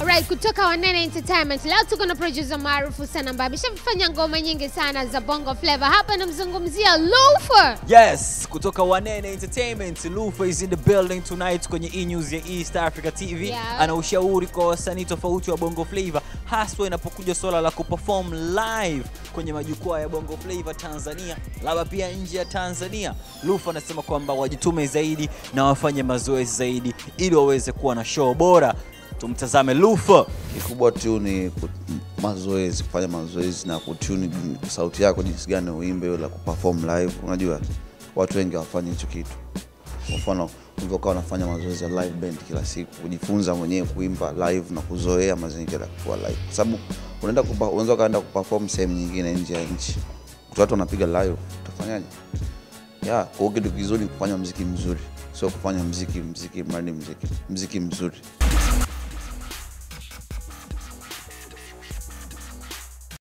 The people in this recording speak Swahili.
Alright, kutoka Wanene Entertainment leo tuko na producer maarufu sana ambaye ameshafanya ngoma nyingi sana za Bongo Flava. Hapa namzungumzia Lufa. Yes, kutoka Wanene Entertainment, Lufa is in the building tonight kwenye E News ya East Africa TV. Yeah. Ana ushauri kwa wasanii tofauti wa Bongo Flava haswa inapokuja swala la kuperform live kwenye majukwaa ya Bongo Flava Tanzania, labda pia nje ya Tanzania. Lufa anasema kwamba wajitume zaidi na wafanye mazoezi zaidi ili waweze kuwa na show bora Tumtazame Lufa. Kikubwa tu ni mazoezi, kufanya mazoezi na kutuni sauti yako jinsi gani uimbe la kuperform live. Unajua watu wengi hawafanyi hicho kitu. Kwa mfano ulivyokuwa unafanya mazoezi ya live band kila siku, kujifunza mwenyewe kuimba live na kuzoea mazingira kuwa live, kwa sababu unaenda unaweza kaenda kuperform sehemu nyingine nje ya nchi, watu wanapiga live, utafanyaje? ya kwa kitu kizuri kufanya mziki mzuri, sio kufanya mziki mziki mradi mziki mziki mzuri.